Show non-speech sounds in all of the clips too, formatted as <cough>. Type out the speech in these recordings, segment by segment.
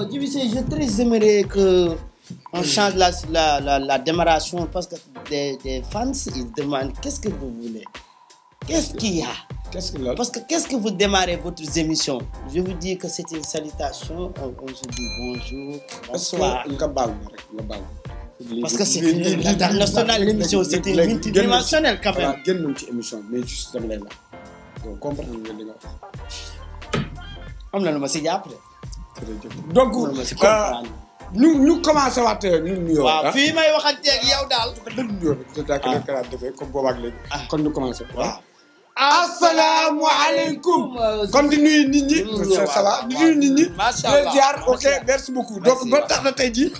non, je, je que la, la, la, la, démarration parce que des, des fans, ils demandent qu'est-ce que vous voulez Qu'est-ce qu que Parce que quest que vous démarrez votre émission Je vous dis que c'est une salutation, on, bonjour, Parce que c'est l'international, l'émission, c'est multidimensionnel quand même. mais juste là. Donc, comprendre. a après. donc euh, ñu ñu commencé waat euh, ñu nuyoo. waaw ah. fii may waxantee ak yow daal. dëgg nuyoo rek dëgg daal keneen kalaat defee comme boobaak ah. kon ñu commencé waaw. asalaamaaleykum. kon di nuyu nit ñi. ça va di nuyu nit ñi. macha allah jaar ok merci beaucoup. donc ba tax na tey jii.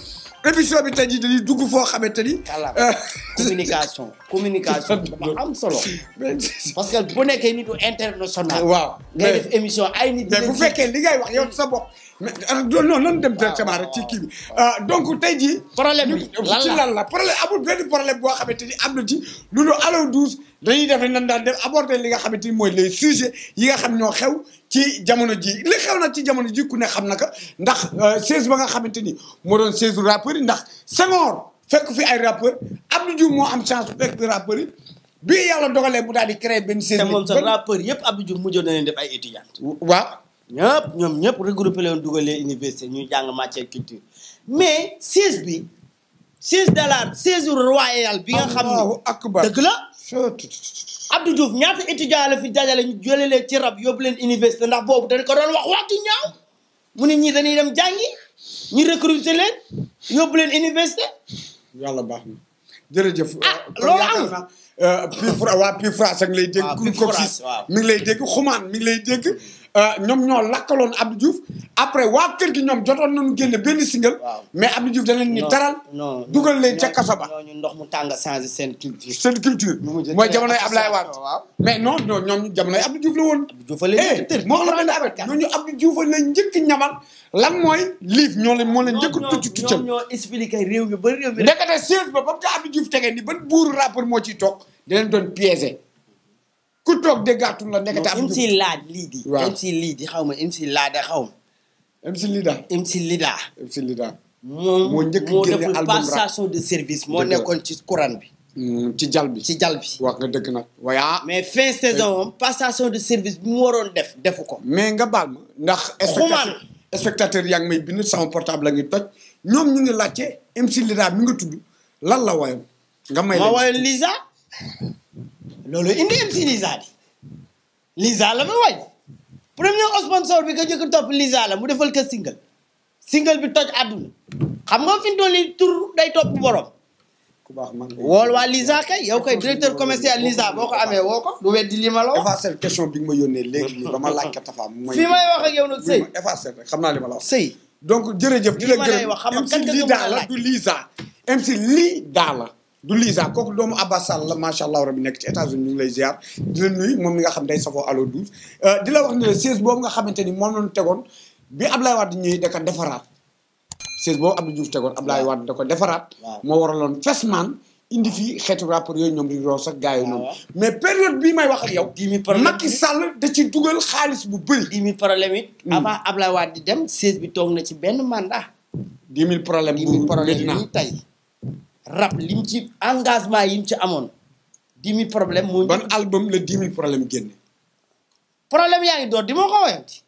émission bi tey jii dañuy dugg foo xamante ni. Euh, communication communication <laughs> dafa am solo. <laughs> parce que nekkee nitu international. waaw ngay def émission ay ni mais bu fekkee li ngay wax yow sa bopp. mais ah, non nan dem directement rek ci kii bi ah, donc tey jii. problème bi lan la lan la problème amul benn problème boo xamante ni am na ci lu dul Allô 12 dañuy def nan daan def aborder li nga xamante ni mooy les sujets yi nga xam ñoo xew ci jamono ji li xew na ci jamono ji ku ne xam na ka ndax euh, seize ba nga xamante ni moo doon seize rappeurs yi ndax Senghor fekk fi ay rappeurs Abdou Diouf moo am change fekk fi rappeurs yi. bi yàlla dogalee mu daal di créer benn. seize te moom sax yëpp Abdou Diouf mujjoon na leen def ay étudiants. waaw. ñëpp ñoom ñëpp regroupé leen dugalee université ñuy jàng matière culture mais siège bi siège dalal siège royal bi nga xam ne dëgg la Abdou Diouf ñaata étudiant la fi dajale ñu jëlee leen ci rab yóbbu leen université ndax boobu dañ ko doon wax waxtu ñaaw mu ni ñii dañuy dem jàngi ñu recruter leen yóbbu leen université. yàlla baax na jërëjëf. ah loolu amul ah Pifra waa Pifra sax mi ngi lay dégg. waaw mi ngi lay dégg xumaan mi ngi Euh, ñoom ñoo lakkaloon Abdou Diouf après waa kër gi ñoom jotoon na nañu génne benn single. mais Abdou Diouf da leen ni taral. dugal leen ca kaso ba. ñooñu ndox mu tàng changé seen culture. seen culture mooy jamonoy Ablaye Wade. mais non non ñoom jamonoy Abdou Diouf la woon. Abdou Diouf la eh, njëkk moo la benn affaire ñooñu Abdou Diouf la njëkk ñamal lan mooy liif ñoo leen moo leen njëkk a tucc tuccal. ñoo expliqué réew mi ba réew mi. ndekete siège ba ba mu ni ban buuru rapport moo ciy toog di leen doon piégé ku toog déggaatul la nekk te am. MC Laad lii di. waaw MC lii di xaw ma MC Laada xaw ma. MC Lida. MC Lida. MC Lida. moom moo njëkk génne album passation de service moo nekkoon ci courant bi. Mm, ci jal bi ci jal bi. wax nga dëgg nag. waaye ah. mais fin saison am passation de service bi mu waroon def defu ko. mais nga baal ma ndax. xumaan spectateur yaa ngi sax bind portable la ngi toj ñoom ñu ngi laajte MC Lida mi nga tudd lan la wayoon. nga may leen ma loolu indi MC Liza di Liza la ma wañ premier sponsor bi nga jëkk topp Liza la mu defal ko single single bi toj àdduna xam nga fi mu toll nii tur day topp borom. wool waa Liza kay yow kay directeur commercial Liza boo ko amee woo ko. du weddi li ma la wax. effacer question bi nga ma yónnee léegi nii ba ma laaj ka tafa. mooy fi may wax ak yow nag sëy effacer rek xam naa li ma la wax. sëy donc jërëjëf. di la xam MC Liza la du Liza MC Liza la. du Lisa kooku doomu Abbas Sall la macha allah rabi nekk ci États-Unis ñu ngi lay ziar di la nuyu moom mi nga xam day safoo allo 12. Euh, di la wax ne la siège boobu nga xamante ni moom la ñu tegoon bi Ablaye Wade ñëwee da ko defaraat siège boobu Abdou Diouf tegoon Ablaye Wade da defaraat. moo waraloon Fesman indi fii xeetu rapport yooyu ñoom di roos ak gars yi noonu. mais période bi may wax ak yow. Macky Sall da ci dugal xaalis bu bëri. 10 000 problème it. Hmm. avant Ablaye Wade di dem siège bi toog na ci benn mandat. 10 000 problème bu Medina 10 000 problème tey. rap li mu ci engagement yi mu ci amoon dix mille problème moo. ban album la dix problème génne. problème yaa ngi door di ma ko woyanti.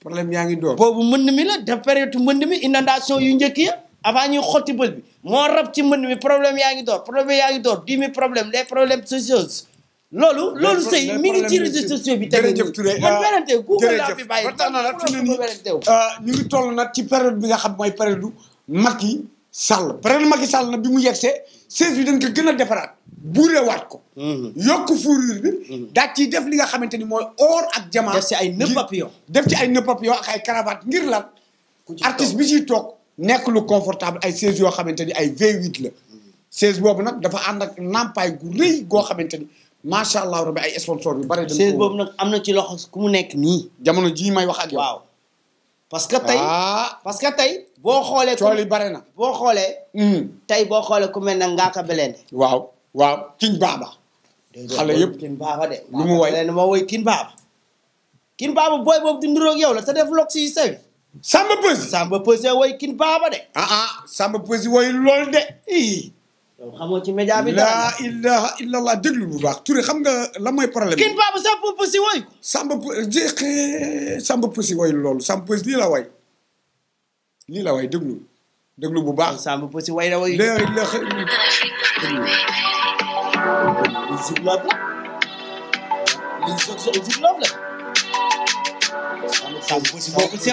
problème yaa ngi door. boobu mën mi la def période mbënd mi inandation yu njëkk ya avant ñuy xotti bël bi moo rab ci mën mi problème yaa ngi door problème yaa ngi door dix mille problème les problèmes sociaux. loolu loolu sëy mi ngi ci réseaux sociaux bi tamit jërëjëf Touré man werante ah, gu ko laa fi bàyyi ba tax na ne nii ah, ngi toll nag ci période bi nga xam mooy période mag yi Sall président Macky sal na bi mu yegsee siège bi danga ko gën a defaraat buurewaat ko. Mhm. yokk fourrure bi. Mhm. daa ciy def li nga xamante ni mooy or ak jamaa. def ay nœud papillon def ci ay nœud papillon ak ay cravate ngir lan. artiste bi si toog nekk lu confortable ay siège yoo xamante ni ay V8 la. siège boobu nag dafa ànd ak nampaay gu rëy goo xamante ni macha allah rabi ay sponsor yu bare. dañ ko siège am na ci loxo ku mu nekk nii. jamono jii may wax ak waaw. parce que tey ah. parce que tey boo xoolee. tool yi na boo xoolee. Hmm. tey boo xoolee comme mel ne Ngaaka Blindé. waaw waaw King Baba. xale yëpp King Baba de. lu mu woy ma woy King Baba. King Baba booy boobu di niroog yow la te def log si sëy. Samba Peuzzi Samba Peuzzi woy King Baba de. ah ah Samba Peuzzi woy lool de. xamoo ci média bi. laa ilaha illallah bu baax Touré xam nga la mooy problème. kin Pape Samba Pussi woy. Samba Pussi Samba Pussi woy loolu Samba Pussi lii la way lii la way déglu déglu bu baax. Samba Pussi way la way. léegi léegi Samba Pussi boobu si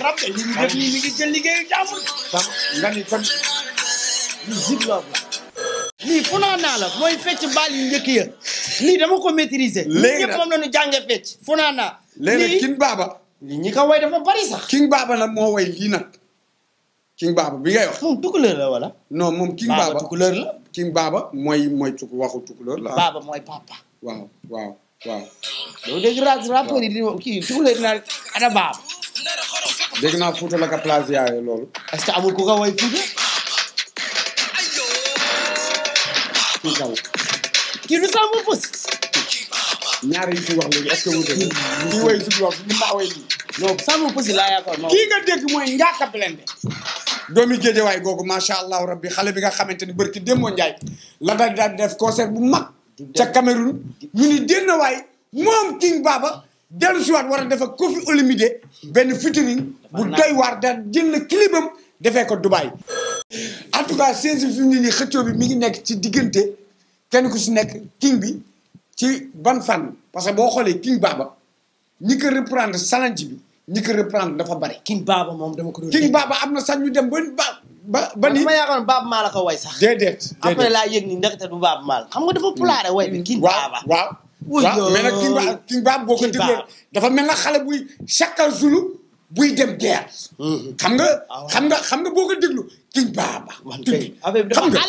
rab la. lii funaan naa la mooy fecc mbaal yu njëkk ya lii dama ko maîtriser. léegi ñëpp moom la ñu jàngee fecc funaan baaba. lii ñi ko way dafa bari sax. king baaba nag moo way lii nag. king baaba bi ngay wax. moom tukulóor la wala. non moom king baaba tukulóor la. baaba mooy mooy tuk waxu tukulóor la. baaba mooy papa. waaw waaw waaw. yow dégg naa rapport yi di kii tukulóor naa ana baaba. dégg naa Fouta la ka loolu. est que amul ku ko way Fouta. ci kaw kii ñaar yi fi wax léegi est-ce que wuute kii woy nga dégg mooy Ngaaka Blindé doomi géejewaay googu macha allahu rabbi xale bi nga xamante ni bërki démboo njaay la def concert bu mag ca Cameroun ñu ni dénn waay moom King Baba dellu siwaat war a def ak Koffi Olomidé benn featuring bu doy waar daal jënd clipam defee ko Dubaï. en tout cas séntu fi mu nii xëccoo bi mi ngi nekk ci diggante kenn ku si nekk king bi ci ban fànn parce que boo xoolee king baaba ñi ko reprendre salanci bi ñi ko reprendre dafa bari king baaba moom dama ko doon king baaba am na sax ñu dem ba ba ba ni. ma yaakaaroon Baaba Maal la ko way sax. déedéet déedéet après laa yëg ni ndaxte du Baaba Maal xam nga dafa hmm. pulaare way bi king baaba waaw waaw. wuyu mais nag king baaba king baaba boo ko déggee dafa mel na xale buy chaque jour. bu dem guerre. Mm-hmm. xam nga ah xam nga xam nga boo ko déglu kiñ baaba. xam nga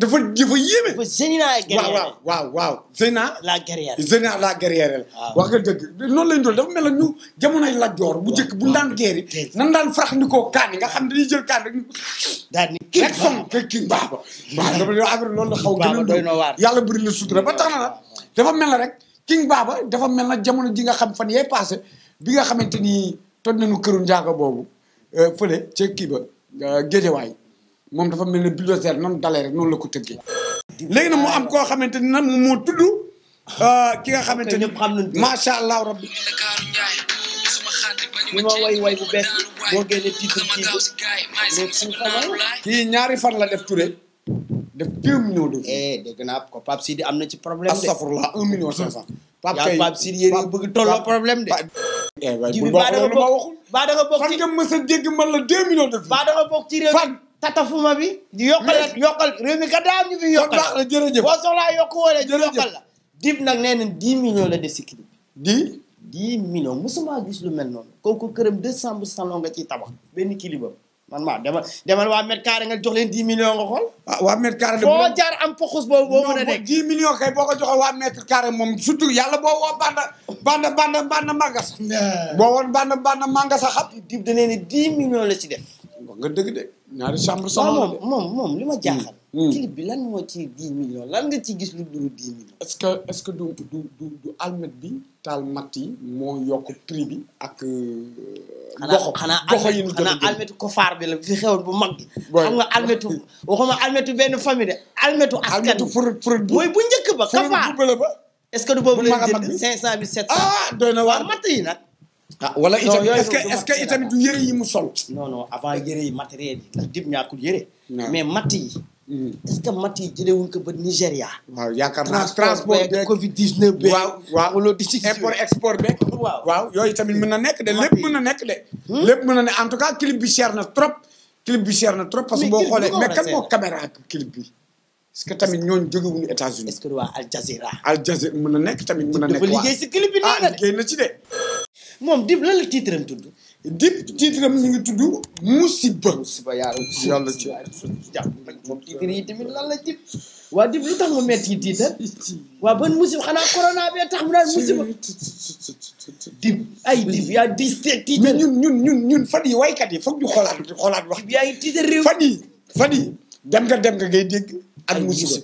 dafa dafa yéeme. dafa Zeyna la guerrière waaw waaw waaw Zeyna. la guerrière Zeyna la guerrière la. Ah nga dëgg noonu lañ doon dafa mel ne ñu jamonoy la joor bu njëkk bu daan ah, guerre yi. nan daan farax ni koo nga xam dañuy jël kaan rek. daal ni kiñ baaba rek son kiñ baaba. waaw dafa yow affaire loolu la xaw gën a yàlla bëri na sutura ba tax na la dafa mel na rek kiñ baaba dafa mel na jamono ji nga xam fan yee passé bi nga xamante ni toj nañu këru njaaga boobu euh, fële ca kii ba euh, moom dafa mel ne bulldozer nan dalee rek noonu la ko tëggee. léegi nag mu am koo xamante ni nag moo tudd euh, ki nga xamante ni macha allah rabbi. ñu ma way way bu bees boo génnee titre kii kii ñaari fan la def Touré def deux millions de. Eh, dégg naa ko Pape Sidi am na ci problème de. astafurlah un million cinq cent. Pape Kay Pape Sidi yéen a bëgg tolloo problème de. Eh, jibi baa da nga bokk da nga bokk ci fan nga mës a dégg réew mi tatafuma bi. di yokkal yokkal réew mi kat daa am ñu fi yokkal. kon baax jërëjëf boo yokkal la. dib nag nee nañ dix millions la de si clip. dix millions mosuma gis lu mel noonu. kooku këram décembre salon nga ci tabax benn kilibam. man maa demal demal waa mètre carré nga jox leen 10 millions nga xool. ah waa mètre carré. foo jaar am poxus boobu boo mën a nekk kay boo ko joxee waa mètre carré moom surtout yàlla boo woo banda banda banda banda mànga woon banda banda mànga sax xam. dib da leen 10 la ci def. nga dëgg de. ñaari chambre sonore moom moom moom li ma jaaxal. Hmm, hmm. clip bi lan moo ci 10 millions lan nga ci gis lu dul 10 millions. est que est-ce que du du du almet bi taal mat yi moo yokk prix bi ak. Euh, goxo goxo yi ñu doon xanaa almetu kofaar bi la fi xewoon bu mag bi. xam nga almetu waxuma almetu benn famille de almetu askan bi almetu furut furut mooy bu njëkk ba. kafaar furut bu ce que du boobu lay jënd 500 bi 700. ah doy na waar yi nag. ah wala itam est-ce que est-ce que itamit du yi mu sol. non non avant yëre yi matériel yi ndax dib ñaakul yëre. mais matt yi. Hmm. est-ce que matt yi jëlewuñ ko Nigéria. waaw yaakaar naa transport beeg Covid 19 beeg. waaw waaw loolu di ci import export beeg. waaw waaw yooyu tamit mën na nekk de lépp mën na nekk de. Hmm? lépp mën na ne en tout cas clip bi cher na trop. clip bi cher na trop parce que boo xoolee mais kan moo caméra clip bi. est tamit ñooñu jóge wuñu États-Unis. est-ce que waa Al Jazeera. Al na nekk tamit mën na nekk waa liggéey si clip bi ah, nee de ah de. moom dib lan la titre am tudd. dib titre am mi ngi tudd musiba. musiba yàlla yàlla ci yàlla moom lan la dib. waa dib lu tax mu métti yi titre waa ban musiba xanaa corona bee tax mu daal musiba. dib ay dib yaa diis te titre. mais ñun ñun ñun ñun fan yi waykat yi foog ñu xoolaat xoolaat wax. yaa ngi titre réew fan yi fan yi dem nga dem ak musiba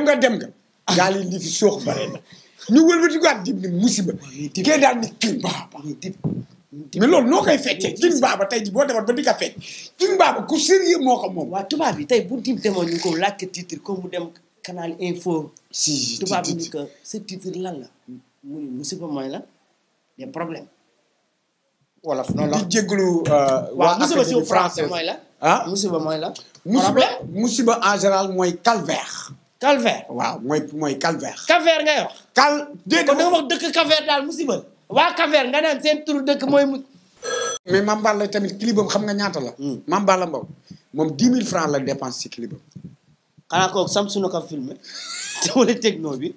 nga dem nga. gaal yi li fi bare na. ñu wëlbati ko at dib ni musiba. kee daal ni king baaba. mais loolu noo koy feccee king baaba tey ji boo demoon ba di ka fecc king baaba ku sérieux moo ko moom. waaw tubaab tey bu dib demoon ñu ko làkk titre comme mu dem canal info. si tubaab bi ni ko sa titre lan la. mu ni musiba mooy la des problèmes. wala noonu la di jégalu. Euh, waa mooy la. ah musiba mooy la. musiba musiba en général mooy calvaire. calvaire waaw mooy mooy calvaire. calvaire ngay nga wax dëkk calvaire daal musiba. waa calvaire nga naan seen turu dëkk mooy mu. mais Mame la tamit clipam xam nga ñaata la. Hmm. Mame Balla Mbow moom 10 000 francs la dépense ci clipam. xanaa kooku Samsung ko filmé te wala techno bi.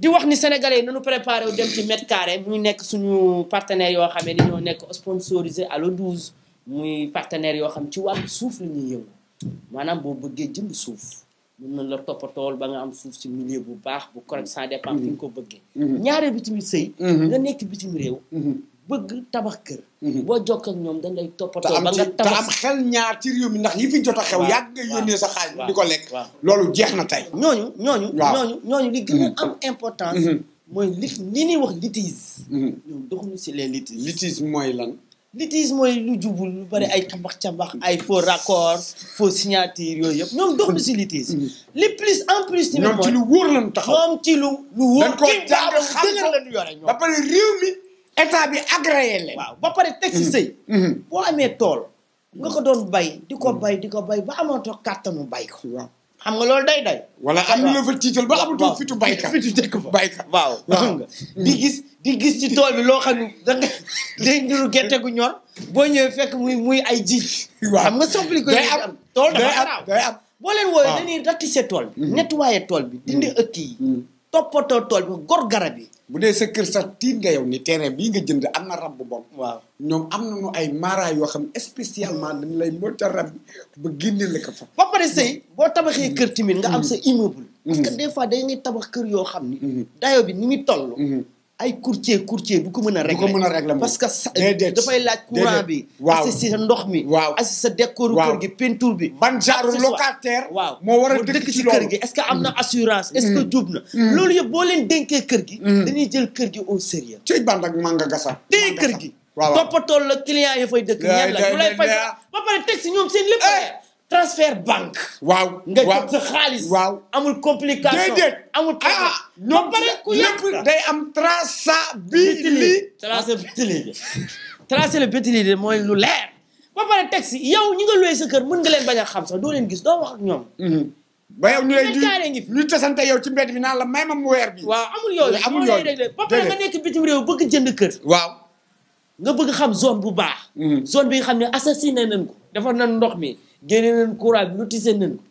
di wax ni sénégalais yi nañu préparé wu dem ci mètre carré muy nekk suñu partenaire yoo xam ne ñoo nekk sponsorisé à l'eau douze muy partenaire yoo xam ci wàllu suuf la ñuy maanaam boo bëggee jënd suuf mën na la toppatool ba nga am suuf si milieu bu baax bu correct sans dépend fi nga ko bëggee mhm. ñaare bitim tamit sëy mhm. nga nekk bitim réew mhm. bëgg tabax kër boo jokk ak ñoom dañ lay toppatoo ba nga tabax te am xel ñaar ci réew mi ndax yi fi jot a xew yàgg nga yónnee sa xaalis di ko lekk loolu jeex na tey ñooñu ñooñu ñooñu ñooñu li gën a am importance mooy li li ñuy wax litige ñoom doxuñu si les litiges litige mooy lan litige mooy lu jubul lu bari ay cambax cambax ay faux raccord faux signature yooyu yëpp ñoom dox na si litige. Mm-hmm. li plus en plus. ni moom ci lu wóor lañu taxaw ñoom ci lu. lu wóor kii baabu xam ko lañu yore ñoom. ba pare réew état bi agréé leen. waaw ba pare teg si sëy. Mm-hmm. Mm-hmm. boo amee tool. nga ko doon bay di ko bay di ko bay ba amatoo kàttanu bay ko. xam nga loolu day day. wala am na fa tiital ba amatoo fitu baykat fitu jëkk fa baykat waaw xam nga di gis di gis ci tool bi loo xam ne da nga <laughs> day gerte gu ñor boo ñëwee fekk muy muy ay ji. waaw xam nga soppali ko day am tool dafa am day am boo leen wooyee dañuy ratissé tool bi mm-hmm. nettoyé tool bi dindi mm-hmm. ëkk yi mm-hmm. toppatoo tool bi gor garab yi bu dee sa kër sax tiit nga yow ni terrain bii nga jënd am na rab bu bopp. waaw ñoom am nañu ay mara yoo xam ne spécialement dañu lay mocca rab ba génne la ko fa. ba pare sëy boo tabaxee kër timit nga am mm-hmm. sa immeuble. parce que mm-hmm. des fois da ngay tabax kër yoo xam ni. Mm-hmm. dayo bi ni muy toll. ay courtier courtier du ko mën a régler du ko mën a régler parce que sa dafay laaj courant bi waaw si sa ndox mi waaw asi sa décor kër gi peinture bi ban genre locataire waaw moo war a dëkk ci kër gi est ce que am na mm. assurance est ce que mm. jub na mm. loolu yëpp boo leen dénkee kër gi dañuy jël kër gi au sérieux ci band ak manga gasa téye kër gi waaw toppatoo la client yi fay dëkk ñen la bu lay fay ba pare teg si ñoom seen lépp eh! transfert bank waaw nga jot sa xaalis. waaw amul complication déedéet amul. ah ñoom lépp day am traçabilité. traçabilité traçabilité <laughs> mooy lu leer. ba pare taxi yow ñi nga loué sa kër mën nga leen bañ a xam sax doo leen gis doo wax ak ñoom. Mhm. ba yow ñu lay di ñu tasante ci mbedd bi naan la may ma bi. waaw amul yooyu amul yooyu déedéet ba pare nga nekk bitim réew bëgg jënd kër. waaw nga bëgg xam zone bu baax. Mhm. zone bi xam ne ne nañ ko. dafa na ndox mi. génne nañ courant bi notifié nañ ko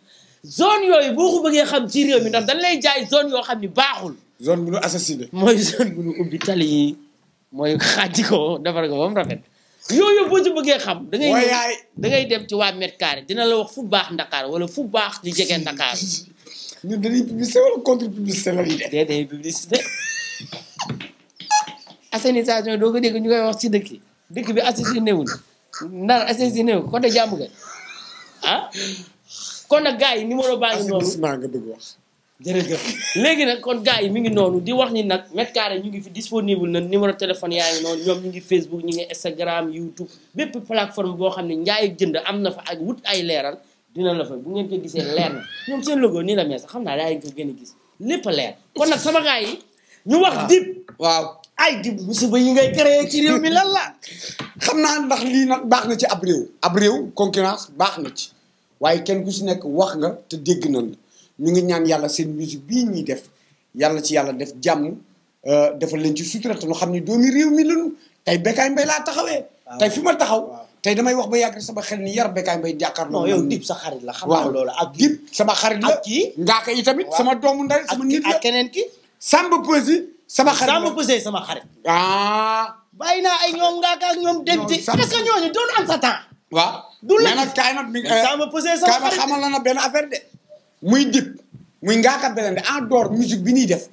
zone yooyu boo ko bëggee xam ci réew mi ndax dañ lay jaay zone yoo xam ni baaxul. zone bu ñu assassiné. mooy zone bu ñu ubbi tali yi mooy xaaj ko defar ko ba rafet. yooyu boo ci bëggee xam. da ngay ngay dem ci waa mètre carré dina la wax fu baax Ndakaaru wala fu baax li jege Ndakaaru. ñun dañuy publicité wala contre publicité la ñuy def. déedéet publicité. assainissement ko dégg ñu koy wax ci dëkk yi. bi assassiné wul. Ndar côté Diamaguène. ah kon nag gaa yi numéro baa ngi noonu nga bëgg wax. jërëjëf léegi nag kon gars yi mi ngi noonu di wax ni nag mètre carré ñu ngi fi disponible na numéro téléphone yaa ngi noonu ñoom ñu ngi Facebook ñu ngi Instagram YouTube bépp plateforme boo xam ne njaay ak jënd am na fa ak wut ay leeral dina la fa bu ngeen ko gisee leer na ñoom seen logo nii la mel xam naa daa leen ko gën a gis lépp leer kon nag sama gaa yi. ñu wax dib waaw ay dib musiba yi ngay créé ci réew mi lan la. xam naa ndax lii nag baax na ci ab ab réew concurrence baax na ci. waaye kenn ku si nekk wax nga te dégg nañ la ñu ngi ñaan yàlla seen musique bii ñuy def yàlla ci yàlla def jàmm euh, defal leen ci sutura te ñu xam ni doomi réew mi lañu tey Bécaye Mbaye laa taxawee. Ah, tey fi ma taxaw. tey damay wax ba yàgg sama xel ni yar Bécaye Mbaye jàkkaarloo. non yow Dip sa xarit la. xam nga loolu ak Dip sama xarit la ak ngaaka yi tamit sama doomu ndey sama nit la ak keneen ki. Samba Peuzzi sama xarit la Samba sama xarit. ah. bàyyi naa ay ñoom ngaaka ak ñoom. dem parce que ñooñu doon am sa temps. waaw. du la nag kaay nag. saa ma posé sama xarit xamal na benn affaire de. muy dip muy ngaaka beneen de en dehors musique bi ñuy def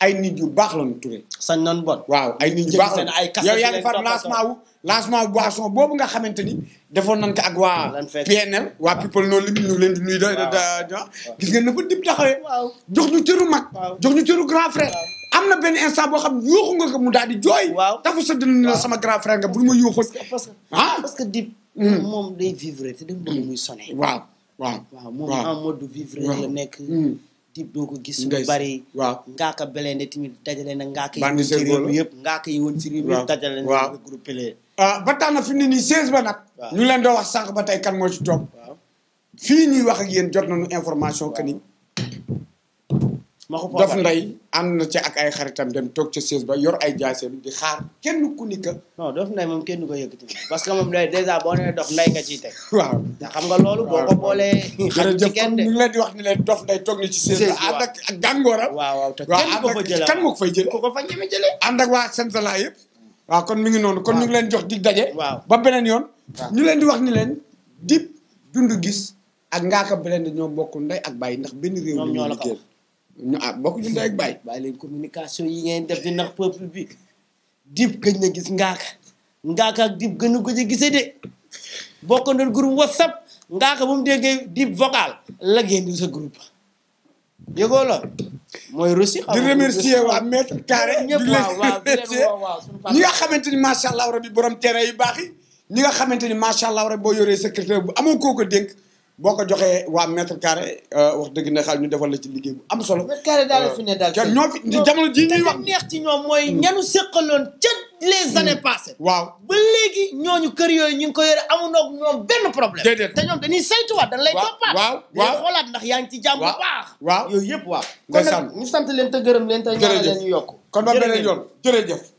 ay nit yu baax la ñu turee. sañ nañ bon waaw ay nit yu baax la yow yaa ngi far lancement wu lancement boisson boobu nga xamante ni defoon nañ ko ak waa. PNL waa people noonu lim ñu leen di nuyu. waaw waaw gis ngeen ne ba dip taxawee. jox ñu cëru mag. jox ñu cëru grand frère. am na benn instant boo xam yuuxu nga ko mu daal di jooy. waaw tafu sa dënnu na sama grand frère nga bu ma yuuxu. parce que parce que ah? dip. Hmm. moom day vivre te dégg nga muy sonné. waaw waaw waaw moom en mode vivre la nekk. Hmm. di doo ko gis lu bari. waaw ngaaka belende tamit dajale na ngaaka yi. woon ci réew mi yëpp ngaaka yi woon ci réew mi yëpp dajale na. waaw regroupé leen. Ah, ba tax na fi mu ne nii 16 ba nag. ñu leen doo wax sànq ba tey kan moo si toog. fii ñuy wax ak yéen jot nañu information que Dof Ndeye ànd na ci ak ay xaritam dem toog ca siis ba yor ay jaaseem di xaar kenn ku nikka non Dof Ndeye moom kenn ko yëkkati parce que moom day dèjà boo nee Dof nga ciy teg. <laughs> waaw te xam nga loolu. boo ko boolee. <laughs> leen di wax ni leen Dof Ndeye toog na ci ak ak gàngooram. waaw waaw te ko ko fay jëlee. ko ko fa ñeme jëlee. ànd ak kon mi ngi noonu kon ñu ngi leen jox dig daje. waaw ba beneen yoon. ñu leen di wax ni leen dip dund gis ak ngaaka beleen ñoo bokk ndey ak baay ndax benn réew mi ñoo liggéey ñu ah bokk ñu ndey ak bàyyi. bàyyi leen communication yi ngay def di nax peuple bi dib gëj na gis ngaaka ngaaka ak dib gënu gëj a gisee de bokkandoon groupe whatsapp ngaaka bu mu déggee dib vocal la génn sa groupe. yëgoo la mooy russi di remercier waa maître carré di remercier ñi nga xamante ni macha allah rabi borom terrain yu baax yi ñi nga xamante ni macha rek rabi boo yoree secrétaire bu amoo koo ko dénk. boo ko joxee waa mètre carré euh, wax dëgg na xaal ñu defal la ci liggéey bu am solo. mètre carré daal fi ne daal. Euh, ñoo fi jamono ji ñuy wax ci ñoom mooy mm. ñanu seqaloon ca les mm. années passées. waaw ba léegi ñooñu kër yooyu ñu ngi ko yore amuñoo ñoom benn problème. déedéet te ñoom dañuy saytuwaat dañ lay toppaat. waaw waaw xoolaat yaa ngi ci jàmm bu waaw yooyu yëpp waaw. ndeysaan kon nag ñu sant leen te gërëm leen te ñaanal leen ñu yokk. kon ba beneen yoon jërëjëf